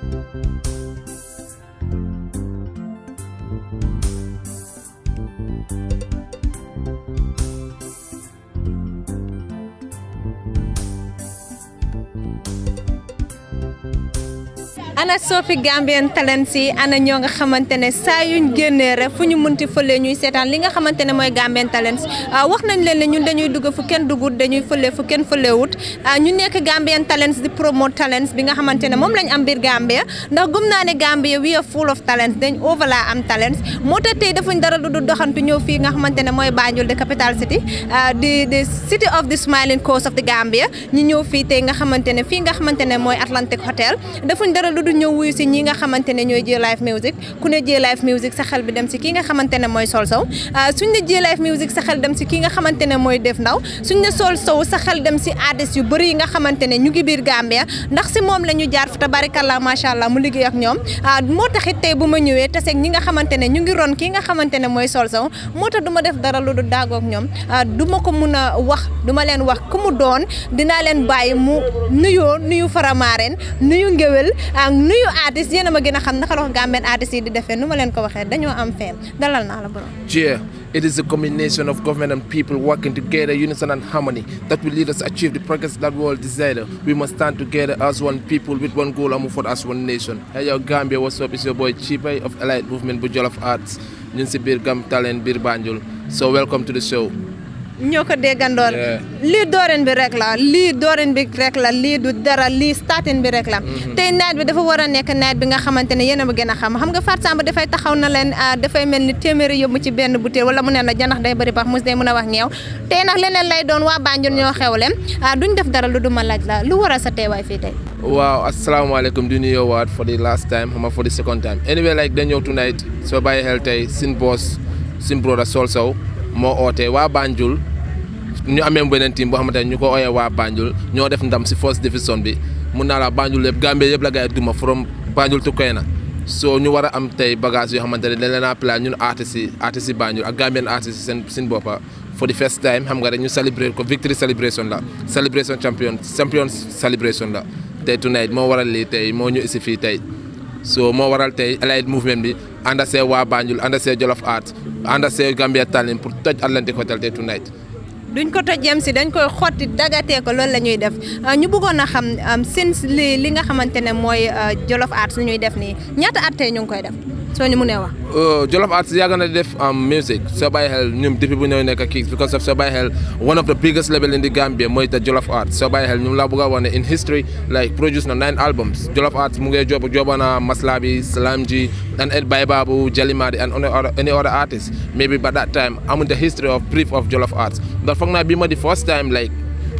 Thank you. ana Sofi Gambian Talents yi ana ñoo nga xamante ne saa yuñ génnee rek fu ñu munti fële ñuy seetaan li nga xamante ne mooy Gambian Talents ah, wax nañ leen ne ñun dañuy dugg fu kenn dugut dañuy fële fu kenn fëlewut ah, ñu nekk Gambian Talents di promote talents bi nga xamante ne moom lañ am biir Gambia ndax gëm naa ne Gambia we are full of talents dañ over laa am talents moo tax tey dafuñ dara lu du doxantu ñëw fii nga xamante ne mooy Banjul the capital city ah, di the city of the smiling coast of the ñëw fii tey nga xamante ne fii nga xamante ne mooy Atlantic Hotel du ñëw wuyu si ñi nga xamante ne ñooy J Live Music ku ne J Live Music sa xel bi dem si ki nga xamante ne mooy Sol Sow ah, suñ ne J Live xel dem si ki nga xamante ne mooy Def Ndaw suñ ne Sol Sow sa xel dem si artistes yu bëri yi nga xamante ne ñu ngi biir Gambia ndax si moom la ñu jaar fa tabarikàllaa macha allah mu liggéey ak ñoom ah, moo taxit tey bu ma ñëwee taseeg ñi nga xamante ne ñu ngi ron ki nga xamante ne mooy Sol Sow moo tax duma ma def dara lu du daagoog ñoom ah, du ma ko mun a wax du ma leen wax ku mu doon dinaa leen bàyyi mu nuyoo nuyu faramaareen nuyu ngéwél nuyu yéen ma xam naka la yi di leen ko dañoo am dalal la borom. Yeah, it is a combination of government and people working together, unison and harmony that will lead us achieve the progress that we all desire. We must stand together as one people with one goal and move forward as one nation. Hey yo Gambia, what's up? It's your boy Chibay of Allied Movement bu of Arts ñu ngi Gam Talent Birbanjul. Banjul so welcome to the show. ñoo ko déggandoor lii dooren bi rek la lii dooren bi rek la lii du dara lii staatin bi rek la mm-hmm. tey nawet bi dafa war a nekk nawet bi nga xamante ne yéen a ma gën a xam xam nga Fatou Samba dafay taxaw na leen ah, dafay mel ni téeméeri yóbbu ci benn butéel wala mu ne la janax day bëri baax mos day mën a wax ñeew tey nag leneen lay doon waa Banjul ñoo leen ah, duñ def dara lu du ma laaj la lu waral sa teewaay fii tey waaw asalaamaaleykum di nuyoo waat for the last time xama for the second time anyway like dañu ñëw tonight soo bàyyi xel tey sin boss sin brother Sol Sow moo ootee waa Banjul ñu amee beneen team boo xamante ne ñu ko ooyee waa Banjul ñoo def ndam si first division bi mun naa laa Banjul yëpp Gambie yëpp la gars yi duma from Banjul to Koyena soo ñu war a am tey bagage yoo xamante ne dañ leen a ñu ñun artistes yi artistes yi Banjul ak Gambian seen seen boppa for the first time xam nga rek ñu célébrer ko victory celebration la celebration champion champion celebration la tey tonight moo waral lii tey moo ñu isi fii tey so moo waral tey Elite Movement bi ànd ak waa Banjul ànd ak see Jolof Art ànd ak see pour toj Atlantic Hotel tey tonight duñ ko toj yem si dañ koy xotti dagatee ko loolu la ñuy def euh, ñu bëggoon a xam euh, since li li nga xamante ne mooy euh, Jolof Art su ñuy def nii ñaata at tey ñu ngi koy def so ñu mënee wax. Uh, Jolof arts yàgg na def um, music so by hell ñoom depuis bu ñëw nekk kii because of so by hell one of the biggest label in the Gambia mooy te Jollof Arts, soo bàyyi xel ñoom in history like produce na nine albums Jollof Arts, mu ngi job jobana Maslabi Salamji, and and Ed babu Jalimadi and any other artists. maybe by that time in the history of brief of Jollof Arts. ndax foog naa bii ma the first time like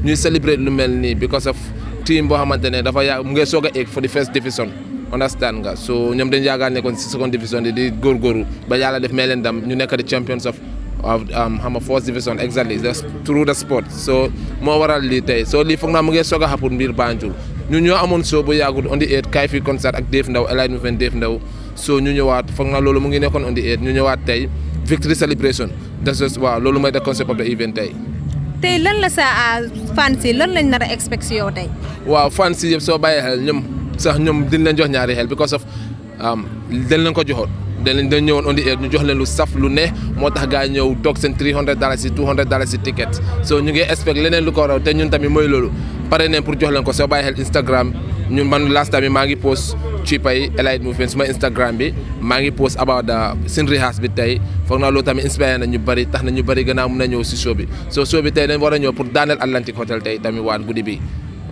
ñuy celebrate lu mel because of team boo xamante ne dafa yaa mu ngi egg for the first division understand nga so ñoom dañ yaakaar nekkoon si seconde division di di góorgóorlu ba yàlla def may leen dam ñu nekk di champions of of um, xam nga first division exactly through the sport so moo waral lii tey so lii foog naa mu ngi soog a xapul mbir Banjul ñu ñoo amoon show bu yàggul on the eight kaay fii concert ak Dave Ndaw Elhaj Moufen Dave Ndaw so ñu ñëwaat foog naa loolu mu ngi nekkoon on the eight ñu ñëwaat tey victory celebration that's just waaw loolu mooy the concept of the event tey tey lan la sa ah, fans yi lan lañ nar a expect si yow tey waaw fans yi yëpp soo bàyyee xel ñoom sax ñoom dinañ leen jox ñaari xel because of um, dañ leen ko joxoon dañ leen dañ ñëwoon on the ñu jox leen lu saf lu ne moo tax gars yi ñëw toog seen 300 dollars si 200 dollars si ticket so ñu ngi expect leneen lu ko raw te ñun tamit mooy loolu pare neen pour jox leen ko soo bàyyi xel Instagram ñun man last time maa ngi post cheaper yi Elite Movement suma Instagram bi maa ngi post about uh, seen rehearse bi tey foog naa loolu tamit inspiré na ñu bari tax na ñu bari gën a mun a ñëw so show bi tey dañ a ñëw pour daaneel Atlantic Hotel tey tamit waan guddi bi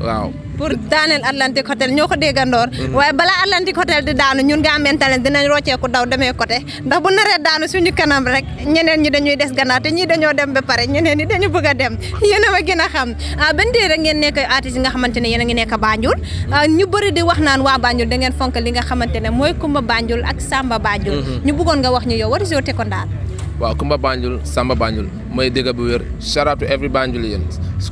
waaw pour daaneel Atlantique Hotel ñoo ko déggandoor mm-hmm. waaye balaa Atlantique Hotel di daanu ñun nga ameen talent dinañ rocceeku daw demee côté ndax bu naree daanu suñu kanam rek ñeneen ñi dañuy des gannaaw te ñii dañoo dem ba pare ñeneen ñi dañu bëgg dem yéen a ma gën a xam ah ban dée rek ngeen nekk artiste nga xamante ne yéen a ngi nekk Banjul ah, ñu bëri di wax naan waa Banjul da ngeen fonk li nga xamante ne mooy Kumba Banjul ak Samba Banjul mm-hmm. ñu bëggoon nga wax ñu yow war a jote ko ndaal waaw Kumba Banjul Samba Banjul mooy dëgg bu wér shout out to every Banjulian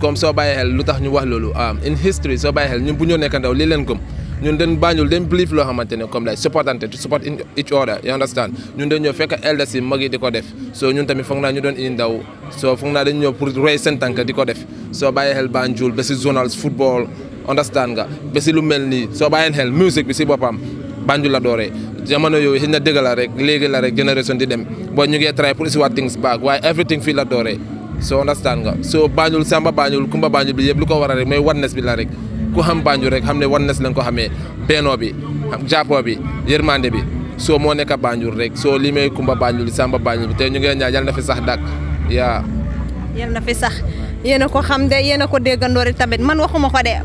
comme soo bàyyi lu tax ñu wax loolu um, in history soo bàyyi xel ñun bu ñoo nekk ndaw lii leen gëm ñun dañ Banjul dañ believe loo xamante ne comme like supportante to support each other you understand ñun dañ ñëw fekk elders yi mag di ko def soo ñun tamit foog naa ñu doon indi ndaw soo foog naa dañ ñëw pour roy seen tànk di ko def soo bàyyi xel Banjul ba si zonals football understand nga ba si lu mel nii soo bàyyi xel musique si boppam Banjul la dooree jamono yooyu xëy na dëgg la rek léegi la rek génération di dem boo ñu ngi try pour isiwaat things back waaye everything fii la dooree so understand nga so Banjul Samba Banjul Kumba Banjul bi yëpp lu ko waral rek mooy oneness bi la rek ku xam Banjul rek xam ne oneness lañ ko xamee bennoo bi jàppoo bi yërmande bi soo moo nekk Banjul rek soo lii Kumba Banjul Samba Banjul te ñu ngi ñaan yal na fi sax dàq yaa yal na fi sax yéen a ko xam de yéen a ko ko de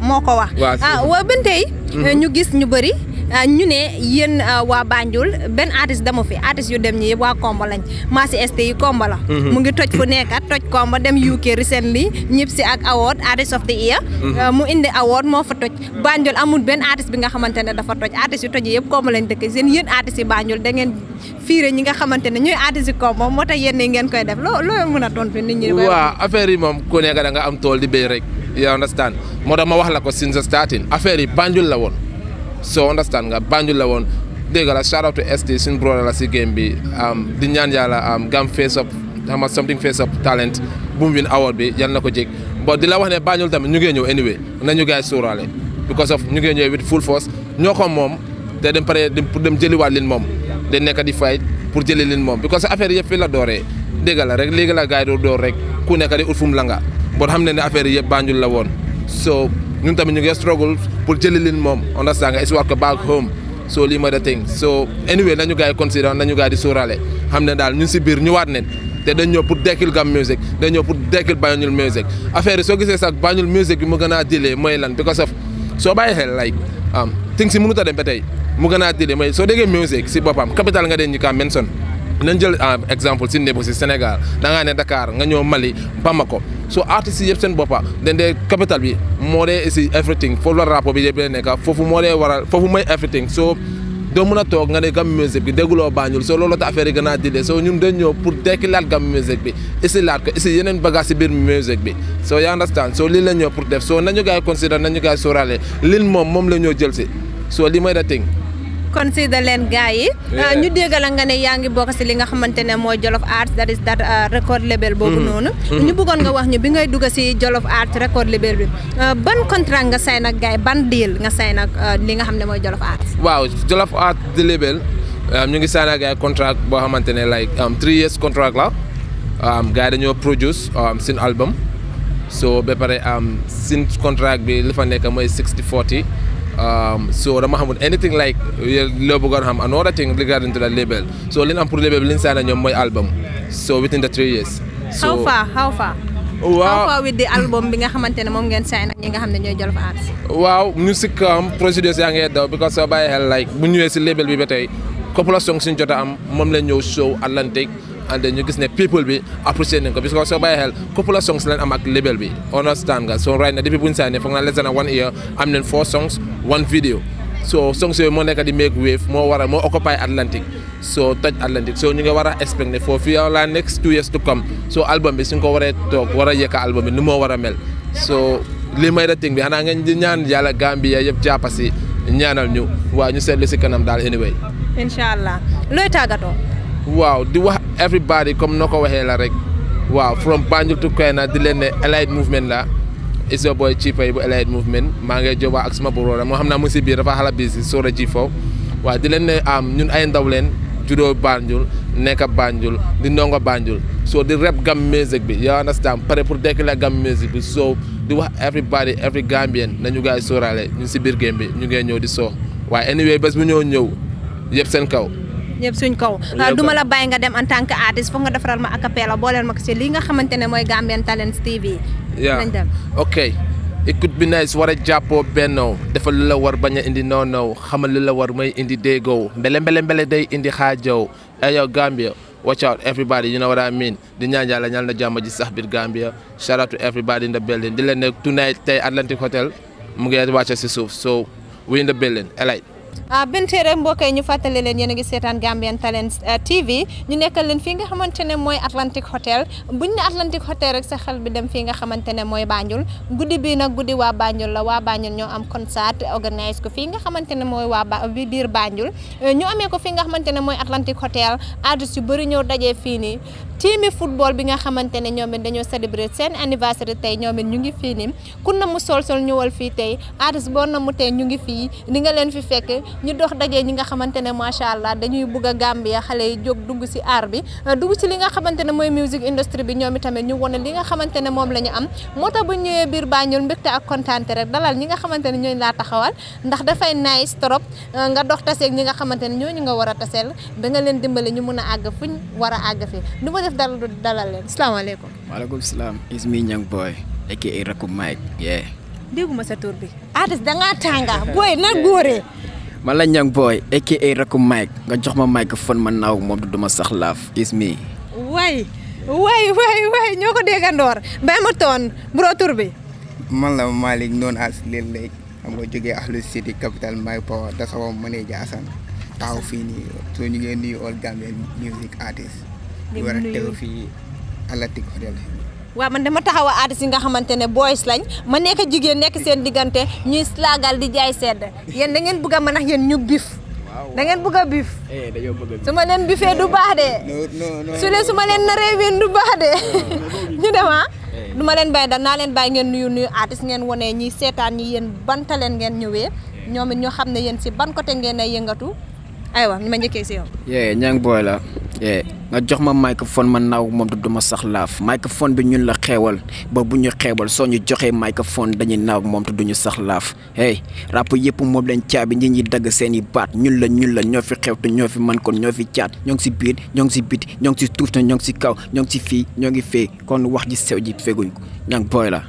moo ko wax ah waa ba mm-hmm. Euh, ñu ne yenn euh, waa Banjul benn artiste dama fi artiste yu dem ñi yëpp waa Kombo lañ Massi ST yi Kombo la mhm. mu ngi toj fu nekkat toj Kombo dem UK recently ñëpp si ak award artist of the year mhm. euh, mu indi award moo fa toj Banjul amul benn artiste bi nga xamante ne dafa toj artiste yu toj yëpp Kombo lañ dëkk seen yéen artiste yi Banjul da ngeen fiire ñi nga xamante ne ñooy artiste yi Kombo moo tax yéen ngeen koy def loo mën a tontu nit ñi waaw affaire yi moom ku nekk da am tool di béy rek you understand moo tax ma wax la ko since starting affaire yi Banjul la woon so understand nga Banjul la woon dégg la shout out to ST suñu brother la si game bi um, di ñaan yàlla um, gam face up xam something face up talent bu mu win award bi yal na ko jég bon di la wax ne Banjul tamit ñu ngee ñëw anyway nañu gars yi suuraale because of ñu ngee ñëw with full force ñoo ko moom te dem pare pour dem jëliwaat leen moom dañ nekk di fight pour jëli leen moom because affaire yëpp fi la doore dégg la rek léegi la gars doo door rek ku nekk di ut fu mu la nga bon xam ne ne affaire yi yëpp Banjul la woon so ñun tamit ñu ngi struggle pour jëli leen moom understand nga it's work back home so lii mooy the thing so anyway nañu gars yi considéré nañu gars yi di sóoraale xam ne daal ñun si biir ñu waat neen te dañ ñëw pour dekkil gam music dañ ñëw pour dekkil Banjul music affaire yi soo gisee sax Banjul music bi mu gën a dilee mooy lan because of soo bàyyi xel like am um, things si mënut a dem ba tey mu gën a dilee mooy soo déggee music si boppam capital nga den ñu kaa mention nañ jël ah, exemple si nébo si Sénégal da ngaa ne Dakar nga ñëw Mali Bamako so artistes yi yëpp seen boppa den dee capital bi moo dee si everything foofu la rapport bi yëpp dee foofu moo dee waral foofu mooy everything so doo mën a toog nga ne gam musique bi dégguloo Banjul soo loolu ta affaire yi gën a dile soo ñun dañ ñëw pour dekkilaat gam musique bi isi laat ko isi yeneen bagage si biir musique bi soo yaa understand soo lii la ñëw pour def soo nañu gaay na nañu gaay sóoraale lin moom moom la ñoo jël si soo lii mooy da ting kon si da leen gars yi euh, ñu déggal nga ne yaa ngi bokk si li nga xamante ne mooy Jolof Arts that is that euh, record label boobu mm-hmm. noonu mm-hmm. ñu bëggoon nga wax ñu bi ngay dugg si Jolof Arts record label euh, ban contrat nga sign ak gars yi ban deal nga sign ak li nga xam ne mooy Jolof Arts waaw Jolof Arts di label ñu ngi sign ak gars yi contrat boo xamante ne like um, three years contract la um, gars yi dañoo produce um, seen album so ba pare seen contract bi li fa nekk mooy sixty forty Um, so dama xamul anything like loo bëggoon xam another thing regarding to the label so li am pour label bi li ñu sign ñoom mooy album so within the three years. so how far how far. with the album bi nga xamante ne moom ngeen sign ak ñi nga xam ne ñooy Jollof Arts. waaw music am um, procédures yaa ngi daw because soo bàyyi xel like bu ñëwee si label bi ba tey couple of songs suñ jot am moom la ñëw show Atlantique. and then ñu gis ne people bi apprécié nañ ko parce que soo bàyyi xel couple of songs lañ am label bi understand nga so right na depuis bu ñu signé foog naa less than songs one video so di make wave moo a moo occupy Atlantic so toj Atlantic so ñu ngi war a expect ne foofu yow la next two years to come so album bi su ñu ko waree toog war a yëkka album bi ni moo war a mel so li may da bi xanaa ñaan yàlla Gambia yëpp jàppa si ñaanal ñu waaw ñu seetlu si kanam daal waaw di wax everybody comme noo ko waxee la rek waaw from Banjul to Koyena di leen ne Allied Movement la is your boy Chipay bu Allied Movement maa nga jobaa ak suma boroora moo xam naa mu si biir dafa xala bisi sóora ji foofu waaw di leen ne am um, ñun ay ndaw leen juddoo Banjul nekk Banjul di ndongo Banjul soo di rap gam music bi you understand pare pour dekk la gam music bi soo di wax everybody every Gambian nañu gaay sóoraale ñun si biir game bi ñu ngee ñëw di soo waaye anyway bés bu ñëw ñëw yëpp seen kaw ñep suñ kaw ah, duma la bay nga dem en tant que artiste fo nga defal ma acapella bo len mako ci li nga xamantene moy Gambian Talents TV Ya. nañ it could be nice wara japo benno defal lu la war baña indi nono. xamal lu la war may indi dego. mbele mbele mbele day indi xajaw ayo Gambia watch out everybody you know what i mean di ñaan yàlla ñaan na jàmm ji sax Gambia shout out to everybody in the building di leen tonight at Atlantic Hotel mu ngi wàcce si souf so we in the building elite Ah, benn téere mbokk yi ñu fàttali leen yéen a ngi seetaan Gambian Talents eh, TV ñu nekkal leen fii nga xamante ne mooy Atlantic Hotel buñ ne Atlantic Hotel rek sa xel bi dem fii nga xamante ne mooy Banjul guddi bi nag guddi waa Banjul la waa Banjul ñoo am concert organise ko fii nga xamante ne mooy waa ba bi biir Banjul eh, ñu amee ko fii nga xamante ne mooy Atlantic Hotel artistes yu bëri ñëw dajee fii nii Timi football bi nga xamantene ñoom dañu célébrer sen anniversaire tay ñoom ñu ngi fi ni ku na mu sol sol ñëwal fi tay artiste bo na mu tay ñu ngi fi ni nga leen fi fekk ñu dox dajé ñi nga xamantene ma sha allah dañuy bëgg Gambia xalé yi jog dugg si art bi euh, dugg ci li nga xamantene moy music industry bi ñoom tamé ñu wone li nga xamantene mom lañu am mota bu ñëwé bir bañul mbégte ak contenté rek dalal ñi nga xamantene ñoy la taxawal ndax fay nice trop euh, nga dox tassé ñi nga xamantene ñoo ñu nga wara tassel da nga leen dimbalé ñu mëna ag fuñ wara ag fi def dal dalal leen salaam. is mi ñang booy. aka rakku Mike. yee. dégguma sa tur bi. artiste tànga booy na góoree. man la ñang booy. aka rakku Mike nga jox ma microphone ma naaw moom du ma sax laaf. is mi. waay waay waay ñoo ko déggandoor bàyyi ma toon buroo tur man la Malick noonu as leen léegi xam nga jógee Ahlu City capital Mike Power da sama manager Assane taxaw fii nii soo ñu ngeen nuyu all Gambian music artist di nuyu alati ko del wa man dama taxaw artiste nga xamantene boys lañ ma nek jigen nek seen digante ñuy slagal di jaay sedd yeen da ngeen bëgg mëna yeen ñu bif da ngeen bëgg bif eh dañu bëgg suma leen bifé du baax no, su lé suma leen naré wén du baax dé ñu dem ha ah. eh. duma leen bay da na leen bay ngeen nuyu nuyu artiste ngeen woné ñi sétane ñi yeen banta ngeen ñëwé eh. ñoom ñu xamné yeen ci ban côté ngeen ay yëngatu aywa ni ma njëkkee si yow. yee ñang booy la yee nga jox ma microphone ma naaw moom du ma sax laaf microphone bi ñun la xeewal ba bu ñu xeewal soo ñu joxee microphone dañuy naaw moom te duñu sax laaf hey rap yëpp moom lañ caabi ñi dagg seen i baat ñun la ñun la ñoo fi xew te ñoo fi man kon ñoo fi caat ñoo ngi si biir ñoo ngi si biti ñoo ngi si tuuf te ñoo ngi si kaw ñoo ngi si fii ñoo ngi fee kon wax ji sew ji feguñ ko ñang booy la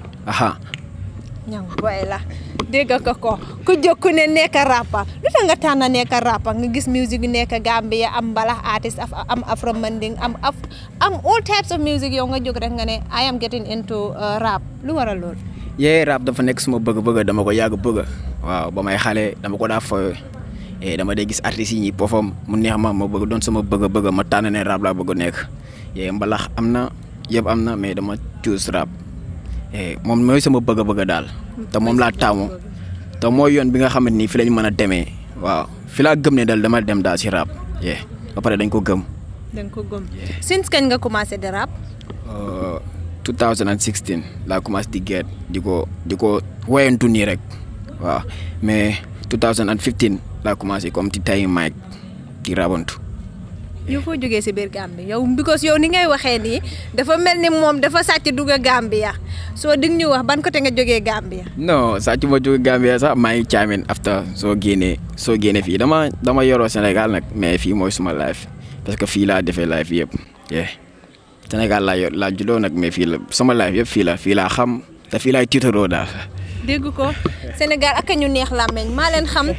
ñang boy la dégg nga ko ku jokku ne nekk rappa lu tax nga tànn nekk rappa nga gis music yu nekk Gambia am mbalax artist am afro manding am af am all types of music yow nga jóg rek nga ne I am getting into uh, rap lu waral lool. yee rap dafa nekk suma bëgg-bëgg dama ko yàgg bëgg waaw ba may xale dama ko daa foyee eh, dama day gis artistes yi ñuy pofam mu neex ma ma bëgg doon sama bëgg-bëgg ma tànn ne rap laa bëgg nekk yee eh, mbalax am na yëpp am na mais dama choose Eh, mom moy sama bëgg-bëgg dal té mom la tamu té moy yoon bi nga xamante fi lañu mëna démé waaw fi la gëm né dal dama dem da ci rap yé eh, ba paré dañ ko gëm. dañ ko gëm eh. since kañ nga commencé de rap. 2016 euh, la commencé di gëd di ko di ko rek waaw mais 2015 la commencé comme ti tay mic di rabantu. yow foo jógee si biir Gambie yow because yow ni ngay waxee nii dafa mel ni moom dafa sàcc dugg Gambia soo dig ñu wax ban côté nga jógee Gambia. non sàcc ma jógee Gambia sax maa ngi caamin afta soo génnee soo génnee fii dama dama yoroo Sénégal nag mais fii mooy suma life parce que fii laa defee life yëpp Sénégal laa yor laa juddoo nag mais fii la sama life yëpp fii la fii laa xam te fii laay tiitaroo daal. dégg ko Sénégal ak ñu neex làmmeñ maa leen xam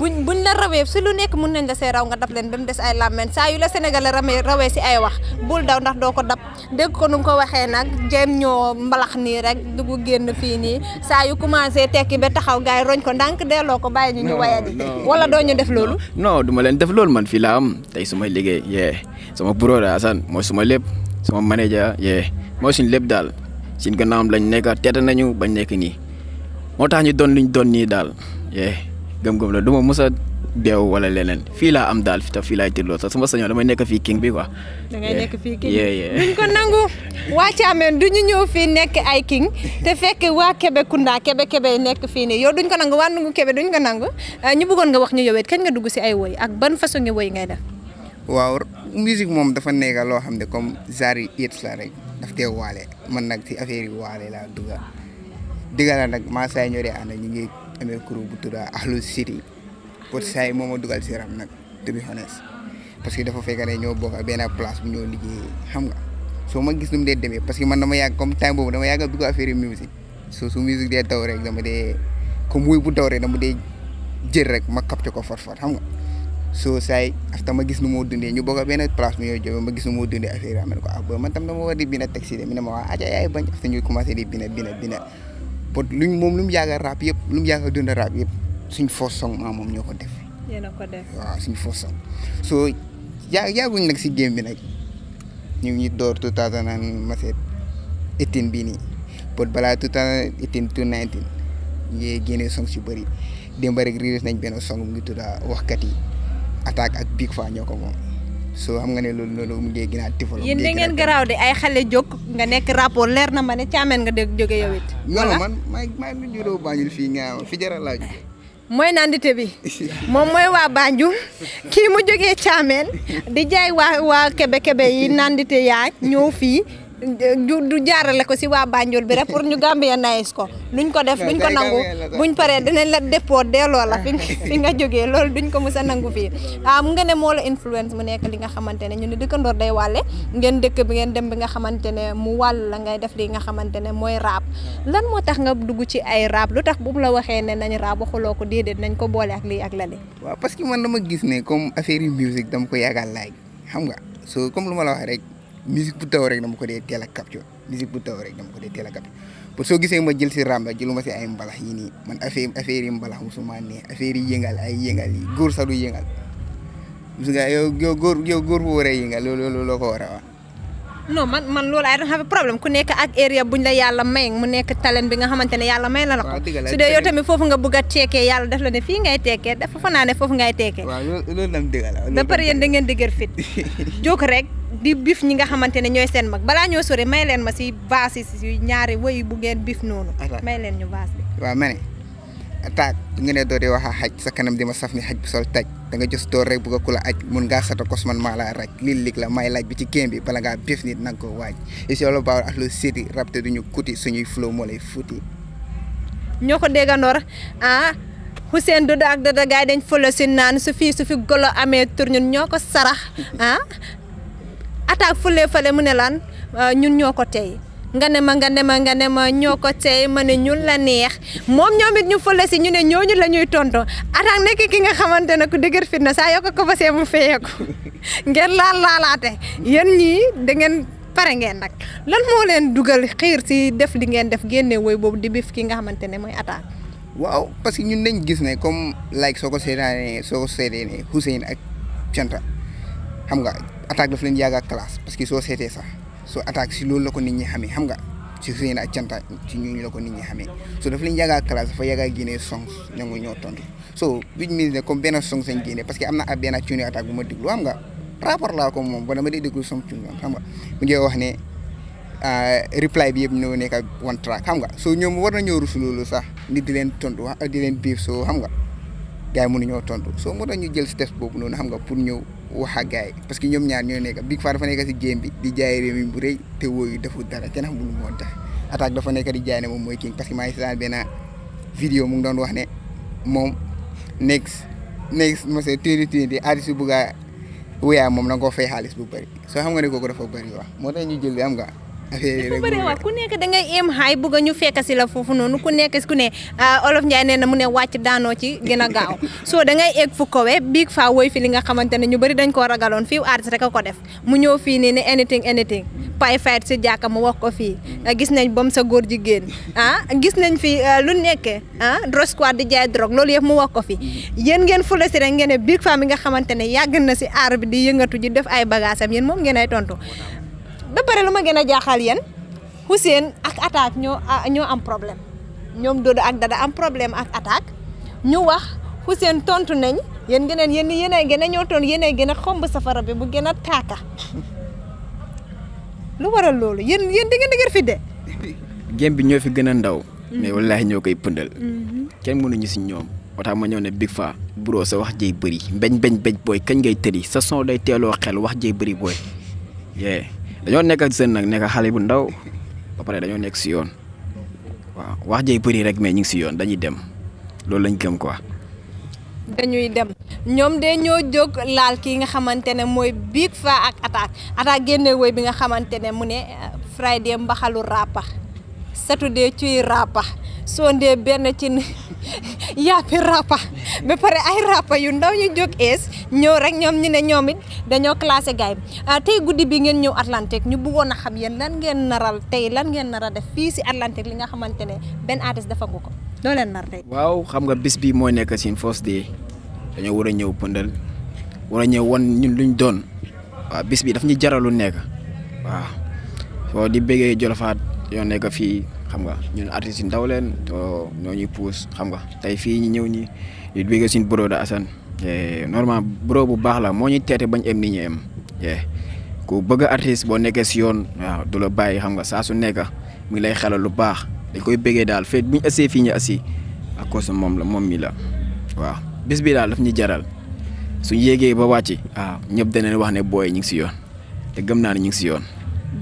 buñ la rawé su lu nek mën nañ la sé raw nga dab len ba dess ay lamène sa yu la Sénégal rawé rawé si ay wax bul daw ndax doko dab dégg ko num ko waxé nak jëm ñoo mbalax ni rek dugg génn fi ni sa yu commencé tekki ba taxaw gaay roñ ko ndank delloo ko bay ñu ñu wayadi wala do ñu def lolu non duma len def lolu man fi la am tay suma liggé yé sama bro la asan mo suma lepp sama manager yé mo suñ lepp dal suñ gannaam lañ nekk tete nañu bañ nekk ni moo tax ñu don luñ don ni dal gëm-gëm la du ma mos a deew wala leneen fii laa am daal fi ta fii laa tirloo sax suma sañoo sañoon damay nekk fii king bi quoi. da ngay nekk fii king duñ ko nangu. waa Thiamène du ñu ñëw fii nekk ay king te fekk waa Kébécounda Kébé Kébé nekk fii nii yow duñ ko nangu waa nangu Kébé duñ ko nangu eh, ñu bëggoon nga wax ñu yowet kañ nga dugg si ay woy ak ban façon ngi woy ngay def. waaw musique moom dafa nekk loo xam ne comme genre hits la rek daf te waale man nag ci affaire yi waale laa dugg dëgg la nag maa amee kuro bu tuda ahlu siri pour say momo dugal ci ram nak to be honest parce que dafa fekkane ñoo bokk ben place bu ñoo liggéey xam nga so ma gis num dé démé parce que man dama yag comme time bobu dama yàgg dugg affaire music so su music dé taw rek dama dé comme wuy bu taw rek dama dé jël rek ma capté ko fort fort xam nga so say afta ma gis nu mo dundé ñu bokk ben place bu ñoy jëw ma gis nu mo dundé affaire amel ko ah man tam dama wadi bina taxi de mi ma wa aja yaay bañ afta ñu commencé di bina bina bina bon luñ moom lu mu yàgg a rap yëpp lu mu yàgg a dund yëpp suñ force song maa moom ñoo ko def. waaw suñ force song soo yaa yàgguñ nag si game bi nag ñu ñu door 2000 maset 18 bii nii bon balaa 2018 2019 ñu ngi génnee song si bëri démb rek release nañ benn song mu ngi tudd waxkat yi attaque ak Big Faa ñoo ko moom. soo xam nga ne loolu loolu mu um dee ginaar tifo la. Um yéen da ngeen garaaw de ay xale jóg nga nekk rapport leer na ma ne caameen nga dégg jóge yow it. voilà non man maa maa ngi juróo fii nga fi jaral laaj. mooy nandite bi moom mooy waa Banjul kii mu jógee caameen di jaay waa waa kebe kebe yi nandite yaa ñëw fii. jaarale ko ci wa Banjul bi rek pour ñu Gambia nice ko luñ ko def buñ ko nangu buñ paré dinañ la dépôt delloo la fi fi nga joggé loolu duñ ko mësa nangu fi ah mu nga né mo la influence mu nekk li nga xamantene ñu ni ne ndor day walé ngeen dëkk bi ngeen dem bi nga xamantene mu wal la ngay def li nga xamantene moy rap lan mo tax nga dugg ci ay rap. lutax bu mu la waxé né nañ rap waxuloo ko dédé nañ ko bolé ak li ak lale wa parce que man dama gis ne comme affaire yu music dama ko yagal laaj xam nga so comme luma la wax rek musique bu taw rek dama ko dee teel a capture musique bu taw rek dama ko dee teel a capture pour soo gisee ma jël si ramba jëluma si ay mbalax yi nii man affaire mbala yi mbalax musuma ne affaire yi yëngal ay yëngal yi góor sax du yëngal gis nga yow yow góor yow góor bu waree yëngal loolu loolu loo ko war a non man man loolu I don't have a problem ku nekk ak area buñ la yàlla may mu nekk talent bi nga xamante ne yàlla may la la ko su dee yow tamit foofu nga bëgg a teekee yàlla daf la ne fii ngay teekee dafa fa naa ne foofu ngay teekee da pare yéen da ngeen dëgër fit jóg rek di bif ñi nga xamante ne ñooy seen mag balaa ñoo sori may leen ma si baasi ñaari woy bu ngeen bif noonu may leen ñu baas ma attaque bi nga ne doo dee wax a xaj sa kanam di ma saf ni xaj bu sol taj da jos door rek bugg a ku la aj mun ngaa sata man maa laa raj lii lig la may laaj bi ci géem bi bala ngaa béf nit nanga ko waaj isi yoolu bawol ak lu séti rabte duñu kuti suñuy flow moo lay fuuti ñoo ko déggandoor ah Hussein Dodo ak Dada gaay dañ fële si naan su fii su fi golo amee tur ñun ñoo ko sarax ah attaque fulee fale mu ne lan ah, ñun ñoo ko tey nga ne ma nga ne ma nga ne ma ñoko tey ma la neex mom ñomit ñu fele si ñu ne ñooñu la ñuy tontu neke nekk ki nga xamantene ku dëgër fitna sa yoko ko kobasee mu feyeku ngeen la laalaate yeen ñi da ngeen pare ngeen nak lan mo leen duggal xir si def li ngeen def genné way bobu di bif ki nga xamantene ne mooy waaw parce que ñun nañ gis ne comme like soko ko soko soo ko Hussein ak Chanta xam nga attaque daf leen yaga classe parce que so sété sax so attaque si loolu la ko nit ñi xamee xam nga si xëy na ak canta ci ñooñu la ko nit ñi xamee so daf leen yàggaa classe dafa yàggaa génnee songs nangu ñoo tontu so which means ne comme benn song sañ génnee parce que am na ab benn cuune attaque bu ma déglu xam nga rapport laa ko moom ba dama dee déglu som cuune xam nga mu ngi wax ne ah, reply bi yëpp ñoo nekk one track xam nga so ñoom war na ñoo rusu loolu sax nit di leen tontu di leen biif so xam nga gars yi mënuñoo tontu soo moo tax ñu jël tes boobu noonu xam nga pour ñëw wax a gars yi parce que ñoom ñaar ñoo nekk Big Faa dafa nekk si game di jaay réew mi bu rëy te wóoyu deful dara kenn xamul moo tax attaque dafa nekk di jaay ne moom mooy king parce que maa ngi seetaan benn vidéo mu ngi doon wax ne moom next next monsieur tuuti tuuti artiste bu bugg a moom na koo fay xaalis bu bëri soo xam nga ne kooku dafa bëri wax moo tax ñu jël am nga. dafa bëri ku nekk da ngay aim high bëgg a ñu fekk si la foofu noonu ku nekk ku ne ah, olof Ndiaye nee na mu ne wàcc daanoo ci gën a gaaw so da ngay egg fu kowe biig fa woy fi li nga xamante ne ñu bëri dañ koo ragaloon fii artiste rek a ko def mu ñëw fii nii ne anything anything pay fight si jàkka mu wax ko fii a ah, gis nañ bom sa góor jigéen ah gis nañ fi ah, lu nekkee ah drug squad di jaay drogue loolu yëpp mu wax ko fi yéen ngeen fula si rek ngeen ne big fa mi nga xamante ne yàgg na si aar bi di yëngatu ji def ay bagaasam yéen moom ngeen ay tontu ba pare luma gëna gën a jaaxal yéen Hussein ak attaque ñoo ñoo am problème ñoom do ak Dada am problème ak attaque ñu wax Hussein tontu nañ yeen gënen yeen yene gëna gën ñoo tontu yene gëna xomb safara bi bu gëna taka lu waral lolu yeen yeen da ngeen dëgër fi de. gem bi ñoo fi gëna ndaw. Mm-hmm. mais wallahi ñoo koy pëndal. Mm-hmm. mënu ñu ci ñom wata ma ñëw ne Big fa bro sa wax jey bëri mbeñ mbeñ mbeñ boy kèn ngay tëri sa son day télo xel wax jëy bëri yeah. dañoo nekk ak seen nag nekk xale bu ndaw ba pare dañoo nekk si yoon waaw wax jay përi rek mais ñi ngi si yoon dañuy dem loolu lañ gëm quoi. dañuy dem ñoom de ñoo jóg laal ki nga xamante ne mooy Big Faa ak Attack Attack woy bi nga xamante ne mu ne Friday mbaxalu rappa Saturday cuy rappa Sunday benn ci yàppi rappa ba pare ay rappa yu ndaw ñu jóg ees ñëw rek ñoom ñu ne ñoom it dañoo classé gars yi ah, tey guddi bi ngeen ñëw Atlantique ñu buggoon a xam yéen lan ngeen naral tey lan ngeen nar a def fii si Atlantique li nga xamante ne benn artiste dafa gu ko doo leen nar waaw xam nga bis bi moo nekk sin force de dañoo war a ñëw pëndal war a ñëw wan ñun luñ doon waaw bis bi daf ñu jaralu nekk waaw soo di bëggee Jolofaat yoo nekk fii. xam nga ñun artistes yi ndaw leen ñoo ñuy puus xam nga tey fii ñu ñëw ñi ñu bëgg suñu broda Assane Eh, normal bro bu baax la moo ñuy teete bañ em ni ñu em eh, ku bëgg artiste boo nekkee si yoon waaw du la bàyyi xam nga saa su nekk mu ngi lay xelal lu baax dañ koy bëggee daal feet bu ñu asee ñu asi ak moom la moom mi la waaw bis bi daal daf ñu jaral suñ yéegee ba wàcc waaw ñëpp danañ wax ne booy ñu ngi si yoon te naa ne ñu si yoon.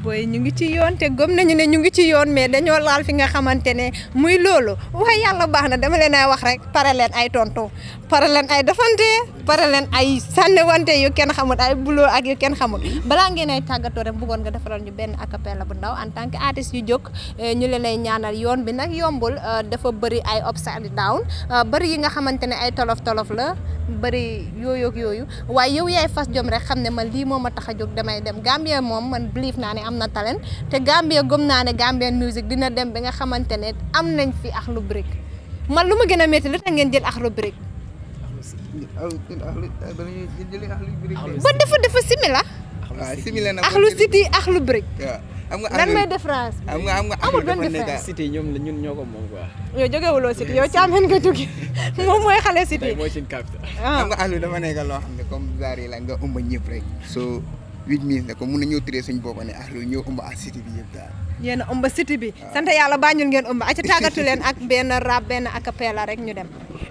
booy ñu ngi ci yoon te gëm ne ñu ngi ci yoon mais dañoo fi nga xamante muy loolu waaye yàlla baax na dama leen ay wax rek pare leen ay tontu paralen ay defante paralen ay sanne wante yu ken xamul ay bulo ak yu ken xamul bala ngeen ay tàggatoo rek bëggoon nga defaral ñu ben acapella bu ndaw en tant que artiste yu eh, ñu leen lay ñaanal yoon bi nak yombul eh, dafa bari ay upside down eh, bëri yi nga xamantene ay tolof tolof la bëri yooyu ak yoyu way yow yay fas jom rek xamne ma li moma taxa ma damay dem Gambia mom man believe naa amna talent te Gambia gum naa Gambian music dina dem bi nga xamantene am nañ fi Akhlou Brick man luma gëna metti lu tax ngeen jël Brick boo dafa dafa simila simila na ahlu city ahlu brick am nga lan may def France am nga am nga amul benn différence city ñoom la ñun ñoo ko moom quoi yow jógewuloo city yow caamen nga jóge moom mooy xale e city mooy seen capital am nga ahlu dama nekk loo xam ne comme zaar yi la nga ëmb ñëpp rek so which means ne ko mun nañoo tëree suñ boobu ne ahlu ñoo umba ah city bi yëpp daal yéen ëmb city bi sant yàlla bàññul ngeen ëmb aca tàggatu leen ak benn rap benn acapella rek ñu dem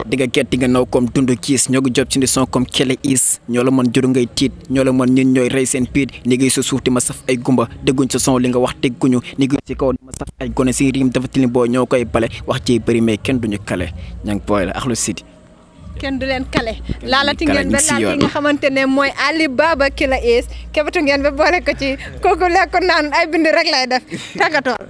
diga get diga nga naw comme dund kiis ñoo job ci ndi son comme kele is ñoo la mon juru ngay tit ñoo mon mën ñun ñooy rey seen piit ni ngay sa suuf ma saf gumba dégguñ sa son li nga wax dégguñu ni ngay ci kaw di ma saf ay gone si rim dafa tilim bo ñoo koy bale wax ci bëri mais ken duñu kale ñang booy la akhlu sidi ken du leen la laalati ngeen ben la ki nga xamante ne mooy Ali Baba Kila Is kebatu ngeen be ko ci kooku lekk naan ay bind rek lay def tàggatool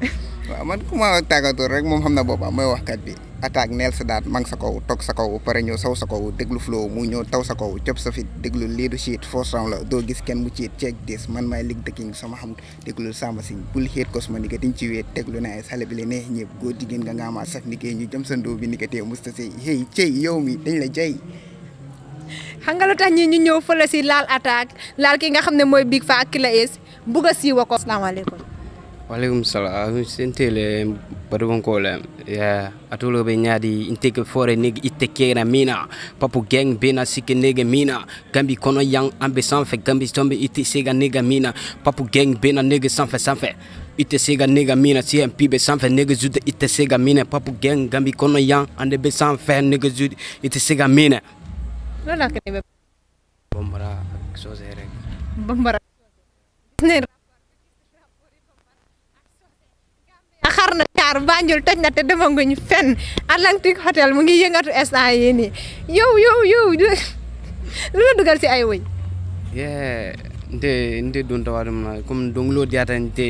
man ku ma rek mom na bi attaque neel sa daat mang sa kaw toog sa kaw pare ñëw saw sa kaw déglu flow mu ñëw taw sa kaw cop sa fit déglu liidu siit force round la doo gis kenn mu ciit ceeg dis man maay lig dëkking sama xam déglul samba siñ bul xiit kos ma la neex ñëpp góor nga ngaamaa saf ni ñu jëm sa ndóo bi ni musta sey hey cey yow mi dañ la jay xam nga lu tax ñi ñu ñëw fële si laal attaque laal ki nga xam ne mooy Big Faa ak Killa Ace bugg a siiwa ko asalaamaaleykum walaikum salam sentele badon kole eh. ya atulo be nyaadi inteke fore nege itekera mina papu gang bena sike nege mina gambi kono yang ambe sanfe gambi tombe ite sega nega mina papu gang bena nege sanfe sanfe ite sega nega mina cmp be sanfɛ nege zude ite sega minɛ papu gang gambi kono yan ande be sanfɛ nege zude ite sega minɛ bambara sosere bambara xar na caar Banjul toj na te demaguñu fen Atlantique Hotel mu ngi yëngatu instant yii nii yow yow yow lu la dugal si ay woy ye nte nde dunta na comme donglo diyata nte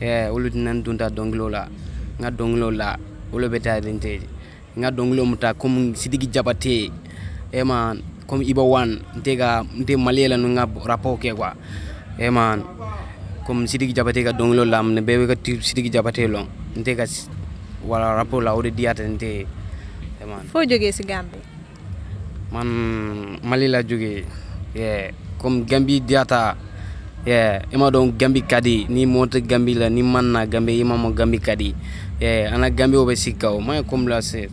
e woluti nan dunta donglo la nga donglo la wolo beta taade nga donglo muta comme sidigi jabate e man comme iba wan ntega nte malie la nu nga rapport ke quoi e man comme sidiki jabate ka donglo lam ne bebe ka sidiki jabate lo nte ka wala rapo la ode diata nte e man fo joge si gambe man mali la joge yeah comme gambi diata yeah ima e don gambi kadi ni mota gambi la ni manna gambe ima e mo gambi kadi yeah ana gambi obe sikaw ma comme la c'est